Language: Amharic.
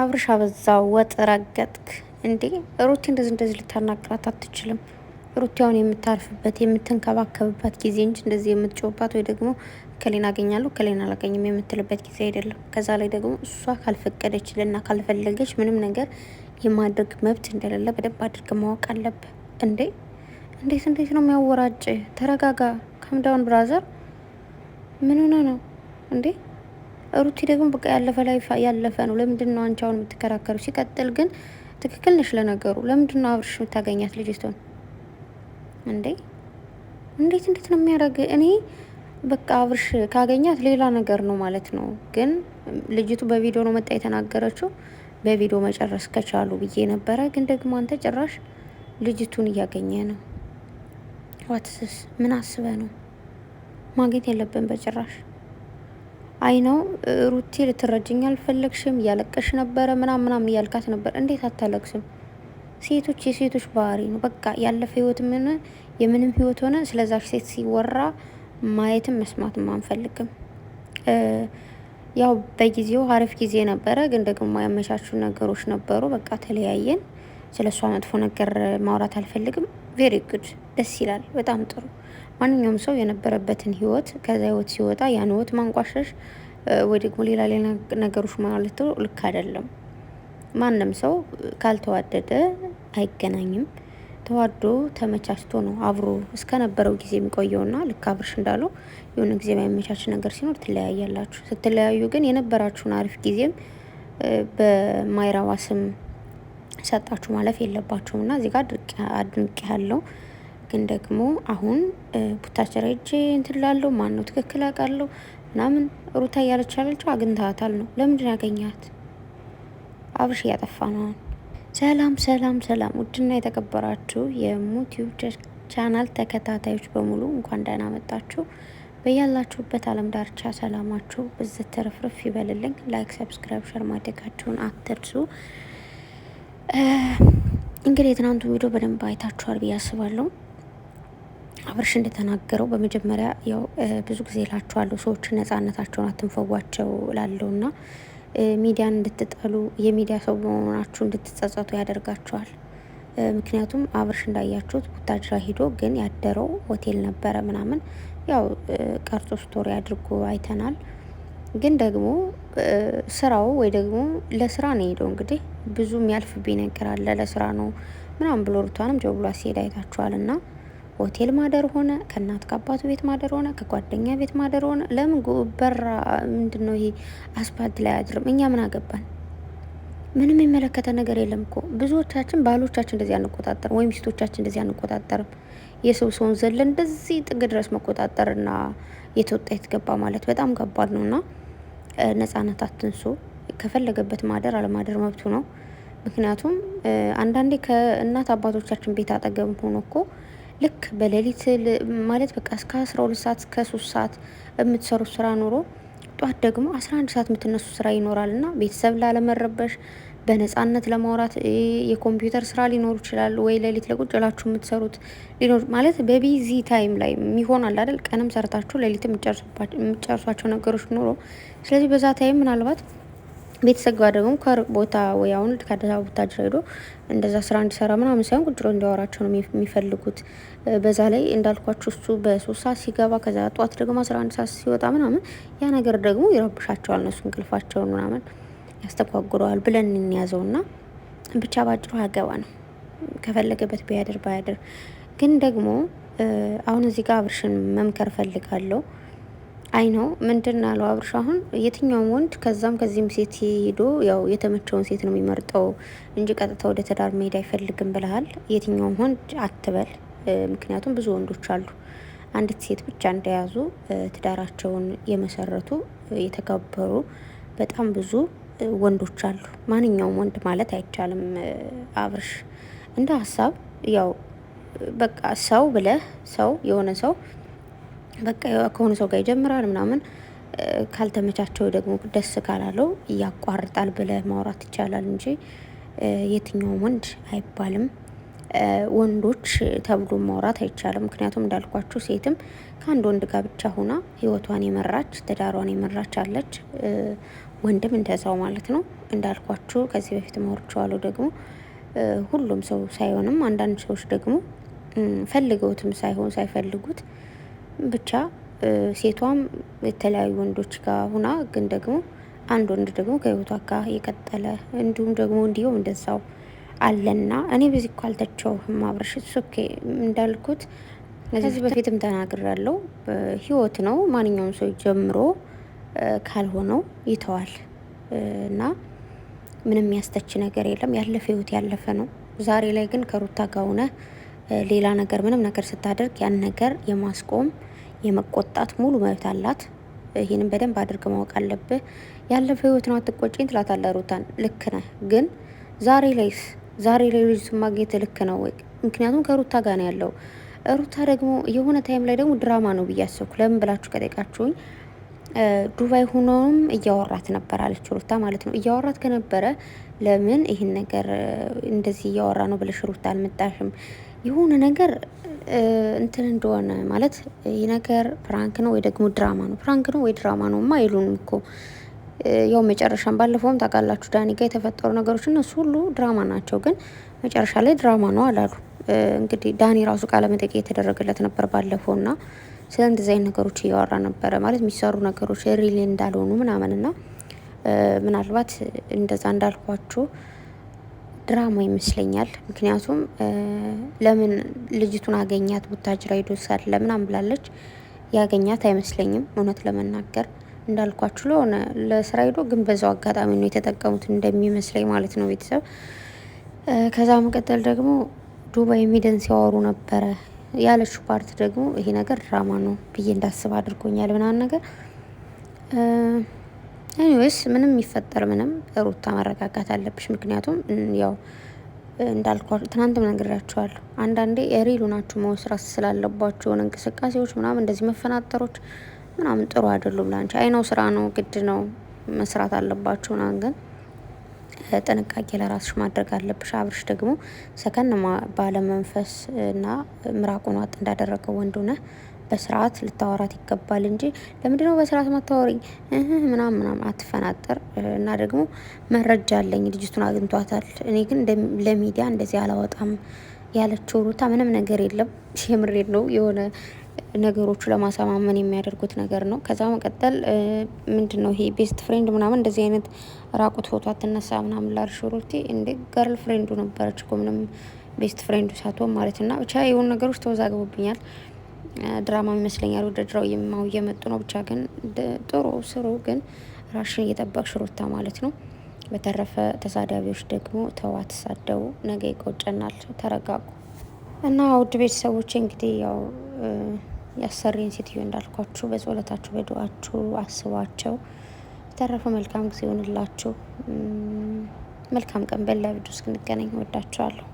አብርሽ አበዛው፣ ወጥ ረገጥክ እንዴ! ሩቲ እንደዚህ እንደዚህ ልታናግራት አትችልም። ሩቲ አሁን የምታርፍበት የምትንከባከብበት ጊዜ እንጂ እንደዚህ የምትጮባት ወይ ደግሞ ከሌን አገኛለሁ ከሌን አላገኝም የምትልበት ጊዜ አይደለም። ከዛ ላይ ደግሞ እሷ ካልፈቀደችልና ካልፈለገች ምንም ነገር የማድረግ መብት እንደሌለ በደንብ አድርግ ማወቅ አለብ እንዴ እንዴት እንዴት ነው የሚያወራጭ? ተረጋጋ። ከምዳውን ብራዘር ምን ሆነ ነው እንዴ? ሩቲ ደግሞ በቃ ያለፈ ላይ ያለፈ ነው። ለምንድን ነው አንቺ አሁን የምትከራከሩ? ሲቀጥል ግን ትክክል ነሽ። ለነገሩ ለምንድን ነው አብርሽ የምታገኛት ልጅ ስትሆን እንዴ? እንዴት እንዴት ነው የሚያደርግ? እኔ በቃ አብርሽ ካገኛት ሌላ ነገር ነው ማለት ነው። ግን ልጅቱ በቪዲዮ ነው መጣ የተናገረችው። በቪዲዮ መጨረስ ከቻሉ ብዬ ነበረ። ግን ደግሞ አንተ ጭራሽ ልጅቱን እያገኘ ነው። ዋትስስ ምን አስበ ነው ማግኘት የለብን በጭራሽ አይ ነው ሩቴ ልትረጅኝ አልፈለግሽም፣ እያለቀሽ ነበረ ምናም ምናም እያልካት ነበር። እንዴት አታለቅስም? ሴቶች የሴቶች ባህሪ ነው። በቃ ያለፈ ህይወት ምን የምንም ህይወት ሆነ ስለዛች ሴት ሲወራ ማየትም መስማትም አንፈልግም። ያው በጊዜው አሪፍ ጊዜ ነበረ፣ ግን ደግሞ ያመቻቹ ነገሮች ነበሩ። በቃ ተለያየን። ስለ እሷ መጥፎ ነገር ማውራት አልፈልግም። ቬሪ ጉድ ደስ ይላል። በጣም ጥሩ። ማንኛውም ሰው የነበረበትን ህይወት ከዛ ህይወት ሲወጣ ያን ህይወት ማንቋሸሽ ወይ ደግሞ ሌላ ሌላ ነገሮች ማለት ልክ አይደለም። ማንም ሰው ካልተዋደደ አይገናኝም። ተዋዶ ተመቻችቶ ነው አብሮ እስከነበረው ጊዜ የሚቆየውና ልክ አብርሽ እንዳለው የሆነ ጊዜ የማይመቻች ነገር ሲኖር ትለያያላችሁ። ስትለያዩ ግን የነበራችሁን አሪፍ ጊዜም በማይራባ ስም ሰጣችሁ ማለፍ የለባችሁም እና እዚህ ጋር ያለው ግን ደግሞ አሁን ቡታጀራ ሄጄ እንትን እላለሁ። ማን ነው ትክክል አውቃለሁ ምናምን ሩታ እያለች ያለችው አግኝተሃታል ነው። ለምንድን ያገኛት አብርሽ እያጠፋ ነው። ሰላም ሰላም ሰላም! ውድና የተከበራችሁ የዩቲዩብ ቻናል ተከታታዮች በሙሉ እንኳን ደህና መጣችሁ። በያላችሁበት አለም ዳርቻ ሰላማችሁ ብዝት ተረፍርፍ ይበልልኝ። ላይክ፣ ሰብስክራይብ፣ ሸር ማድረጋችሁን አትርሱ። እንግዲህ የትናንቱ ቪዲዮ በደንብ አይታችኋል ብዬ አስባለሁ። አብርሽ እንደተናገረው በመጀመሪያ ያው ብዙ ጊዜ እላችኋለሁ ሰዎች ነጻነታቸውን አትንፈጓቸው እላለሁ እና ሚዲያን እንድትጠሉ የሚዲያ ሰው በመሆናችሁ እንድትጸጸቱ ያደርጋችኋል። ምክንያቱም አብርሽ እንዳያችሁት ቡታጅራ ሂዶ ግን ያደረው ሆቴል ነበረ ምናምን ያው ቀርጾ ስቶሪ አድርጎ አይተናል። ግን ደግሞ ስራው ወይ ደግሞ ለስራ ነው የሄደው። እንግዲህ ብዙ የሚያልፍብኝ ነገር አለ ለስራ ነው ምናምን ብሎ ሩቷንም ጀው ብሎ ሲሄድ አይታችኋል እና ሆቴል ማደር ሆነ ከእናት ከአባቱ ቤት ማደር ሆነ ከጓደኛ ቤት ማደር ሆነ ለምን በራ ምንድን ነው ይሄ አስፓልት ላይ አድርም እኛ ምን አገባን ምንም የመለከተ ነገር የለም እኮ ብዙዎቻችን ባሎቻችን እንደዚህ አንቆጣጠርም ወይም ሴቶቻችን እንደዚህ አንቆጣጠርም የሰው ሰውን ዘለን እንደዚህ ጥግ ድረስ መቆጣጠርና የተወጣ የተገባ ማለት በጣም ከባድ ነው እና ነጻነት አትንሶ ከፈለገበት ማደር አለማደር መብቱ ነው ምክንያቱም አንዳንዴ ከእናት አባቶቻችን ቤት አጠገብ ሆኖ እኮ ልክ በሌሊት ማለት በቃ እስከ አስራ ሁለት ሰዓት እስከ ሶስት ሰዓት የምትሰሩ ስራ ኑሮ ጧት ደግሞ አስራ አንድ ሰዓት የምትነሱ ስራ ይኖራል እና ቤተሰብ ላለመረበሽ በነጻነት ለማውራት የኮምፒውተር ስራ ሊኖሩ ይችላል ወይ ሌሊት ለቁጭ ብላችሁ የምትሰሩት ሊኖር ማለት በቢዚ ታይም ላይ የሚሆን አለ አይደል? ቀንም ሰርታችሁ ሌሊት የምጨርሷቸው ነገሮች ኑሮ ስለዚህ በዛ ታይም ምናልባት ቤተሰብ ጋር ደግሞ ከሩቅ ቦታ ወይ አሁን ከአዲስ አበባ ቦታጅራ ሄዶ እንደዛ ስራ እንዲሰራ ምናምን ሳይሆን ቁጭ ብሎ እንዲያወራቸው ነው የሚፈልጉት። በዛ ላይ እንዳልኳቸው እሱ በሶስት ሰዓት ሲገባ ከዛ ጠዋት ደግሞ አስራ አንድ ሰዓት ሲወጣ ምናምን ያ ነገር ደግሞ ይረብሻቸዋል። እነሱ እንቅልፋቸውን ምናምን ያስተጓጉረዋል ብለን እንያዘው እንያዘውና ብቻ ባጭሩ አገባ ነው ከፈለገበት ቢያድር ባያድር ግን ደግሞ አሁን እዚህ ጋር አብርሽን መምከር ፈልጋለሁ። አይ ነው ምንድን አለው አብርሽ። አሁን የትኛውም ወንድ ከዛም ከዚህም ሴት ሄዶ ያው የተመቸውን ሴት ነው የሚመርጠው እንጂ ቀጥታ ወደ ትዳር መሄድ አይፈልግም ብለሃል። የትኛውም ወንድ አትበል፣ ምክንያቱም ብዙ ወንዶች አሉ አንዲት ሴት ብቻ እንደያዙ ትዳራቸውን የመሰረቱ የተከበሩ በጣም ብዙ ወንዶች አሉ። ማንኛውም ወንድ ማለት አይቻልም። አብርሽ እንደ ሀሳብ ያው በቃ ሰው ብለህ ሰው የሆነ ሰው በቃ ከሆነ ሰው ጋር ይጀምራል ምናምን ካልተመቻቸው ደግሞ ደስ ካላለው ያቋርጣል ብለህ ማውራት ይቻላል እንጂ የትኛውም ወንድ አይባልም ወንዶች ተብሎ ማውራት አይቻልም። ምክንያቱም እንዳልኳችሁ ሴትም ከአንድ ወንድ ጋር ብቻ ሆና ህይወቷን የመራች ትዳሯን የመራች አለች፣ ወንድም እንደዛው ማለት ነው። እንዳልኳችሁ ከዚህ በፊት ማወርቸዋለሁ ደግሞ ሁሉም ሰው ሳይሆንም አንዳንድ ሰዎች ደግሞ ፈልገውትም ሳይሆን ሳይፈልጉት ብቻ ሴቷም የተለያዩ ወንዶች ጋር ሁና ግን ደግሞ አንድ ወንድ ደግሞ ከህይወቷ ጋር የቀጠለ እንዲሁም ደግሞ እንዲሁም እንደዛው አለና እኔ በዚህ እኮ አልተቸውም። ሶኬ እንዳልኩት ከዚህ በፊትም ተናግር ያለው ህይወት ነው። ማንኛውም ሰው ጀምሮ ካልሆነው ይተዋል እና ምንም ያስተች ነገር የለም። ያለፈ ህይወት ያለፈ ነው። ዛሬ ላይ ግን ከሩታ ጋር ሆነ ሌላ ነገር ምንም ነገር ስታደርግ ያን ነገር የማስቆም የመቆጣት ሙሉ መብት አላት። ይህንም በደንብ አድርግ ማወቅ አለብህ። ያለፈው ህይወት ነው አትቆጭኝ ትላታለ ሩታን። ልክ ነህ፣ ግን ዛሬ ላይስ ዛሬ ላይ ልጅቱን ማግኘት ልክ ነው ወይ? ምክንያቱም ከሩታ ጋር ነው ያለው። ሩታ ደግሞ የሆነ ታይም ላይ ደግሞ ድራማ ነው ብዬ አሰብኩ። ለምን ብላችሁ ከጠቃችሁኝ ዱባይ ሆኖም እያወራት ነበር አለች ሩታ ማለት ነው። እያወራት ከነበረ ለምን ይህን ነገር እንደዚህ እያወራ ነው ብለሽ ሩታ አልመጣሽም? የሆነ ነገር እንትን እንደሆነ ማለት ይህ ነገር ፕራንክ ነው ወይ ደግሞ ድራማ ነው፣ ፕራንክ ነው ወይ ድራማ ነው ማ አይሉንም እኮ ያው መጨረሻም ባለፈውም ታውቃላችሁ ዳኒ ጋር የተፈጠሩ ነገሮች እነሱ ሁሉ ድራማ ናቸው፣ ግን መጨረሻ ላይ ድራማ ነው አላሉ። እንግዲህ ዳኒ ራሱ ቃለ መጠይቅ የተደረገለት ነበር ባለፈው እና ስለ እንደዚህ አይነት ነገሮች እያወራ ነበረ ማለት የሚሰሩ ነገሮች ሪል እንዳልሆኑ ምናምን ና ምናልባት እንደዛ እንዳልኳችሁ ድራማ ይመስለኛል። ምክንያቱም ለምን ልጅቱን አገኛት ቡታጅራ ሂዶ ሳለ ምናምን ብላለች። ያገኛት አይመስለኝም እውነት ለመናገር እንዳልኳችሁ ለሆነ ለስራ ሂዶ ግን በዛው አጋጣሚ ነው የተጠቀሙት እንደሚመስለኝ ማለት ነው ቤተሰብ። ከዛ መቀጠል ደግሞ ዱባይ ሚደን ሲያወሩ ነበረ ያለችው ፓርት ደግሞ ይሄ ነገር ድራማ ነው ብዬ እንዳስብ አድርጎኛል ምናምን ነገር እኔስ ምንም የሚፈጠር ምንም ሩታ መረጋጋት አለብሽ። ምክንያቱም ያው እንዳልኳ ትናንትም ነግሬያችኋለሁ። አንዳንዴ የሪሉ ናችሁ መወስራት ስላለባችሁ የሆነ እንቅስቃሴዎች ምናምን እንደዚህ መፈናጠሮች ምናምን ጥሩ አይደሉም ላንቺ። ነው ስራ ነው ግድ ነው መስራት አለባችሁ ምናምን ግን ጥንቃቄ ለራስሽ ማድረግ አለብሽ። አብርሽ ደግሞ ሰከን ባለመንፈስ እና ምራቁን ዋጥ እንዳደረገው ወንድ ነህ በስርዓት ልታወራት ይገባል እንጂ ለምንድን ነው በስርዓት ማታወሪኝ? ምናም ምናም አትፈናጠር። እና ደግሞ መረጃ አለኝ ልጅቱን አግኝቷታል። እኔ ግን ለሚዲያ እንደዚህ አላወጣም ያለችው ሩታ ምንም ነገር የለም። የምሬድ ነው። የሆነ ነገሮቹ ለማሳማመን የሚያደርጉት ነገር ነው። ከዛ መቀጠል ምንድን ነው ይሄ ቤስት ፍሬንድ ምናምን እንደዚህ አይነት ራቁት ፎቶ አትነሳ ምናምን ላርሽ ሩቴ እንደ ገርል ፍሬንዱ ነበረች እኮ ምንም ቤስት ፍሬንዱ ሳትሆን ማለት እና ብቻ የሆኑ ነገሮች ተወዛግቦብኛል። ድራማ ይመስለኛል ወደ የማው እየመጡ ነው። ብቻ ግን ጥሩ ስሩ፣ ግን ራሽን እየጠበቅሽ ሩታ ማለት ነው። በተረፈ ተሳዳቢዎች ደግሞ ተዋት፣ ሳደቡ ነገ ይቆጨናል። ተረጋጉ እና ውድ ቤተሰቦች እንግዲህ ያው ያሰሪን ሴትዮ እንዳልኳችሁ በጸሎታችሁ በድዋችሁ አስቧቸው። በተረፈ መልካም ጊዜ ይሆንላችሁ። መልካም ቀን በላ ቪዲዮ እስክንገናኝ ወዳችኋለሁ።